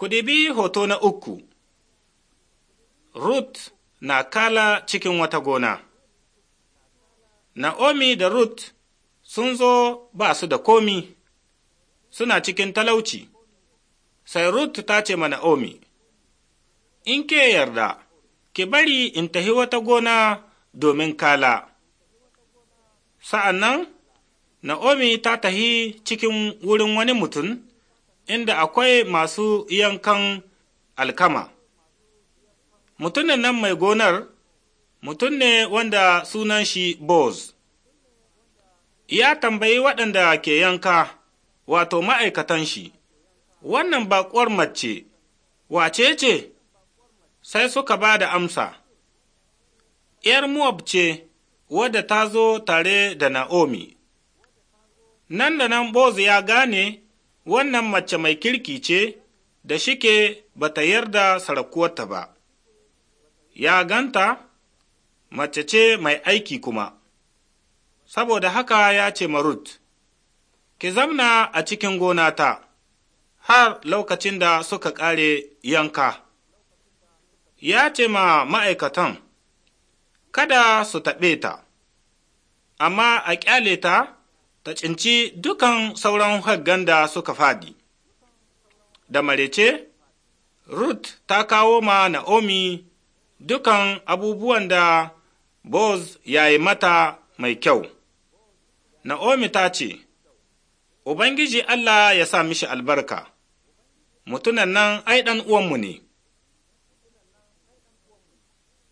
Ku dibi hoto na uku, Ruth na kala cikin wata gona. Na'omi da Ruth sun zo ba su da komi, suna cikin talauci, sai Ruth ta ce ma Na'omi, In ke yarda, ki bari in tahi wata gona domin kala. Sa'an nan, Na'omi ta tahi cikin wurin wani mutum, inda akwai masu yankan alkama. Mutumin nan mai gonar mutum ne wanda sunan shi Boz. Ya tambayi waɗanda ke yanka, wato ma'aikatan shi, wannan baƙuwar mace, wace ce? Sai suka ba da amsa, ’yar Moab ce wadda ta zo tare da Na'omi. Nan da nan Boz ya gane wannan mace mai kirki ce da shike ba ta yarda sarakuwarta ba, ya ganta mace ce mai aiki kuma, saboda haka ya ce Marut, ki zamna a cikin gona ta, har lokacin da suka ƙare yanka. Ya ce ma ma'aikatan, Kada su taɓe ta, amma a ƙyale ta ta cinci dukan sauran haggan da suka fadi. Da marece, Ruth ta kawo ma Na'omi dukan abubuwan da Boz ya yi mata mai kyau. Na'omi ta ce, Ubangiji Allah ya sa mishi albarka, mutunan nan ai ɗan uwanmu ne.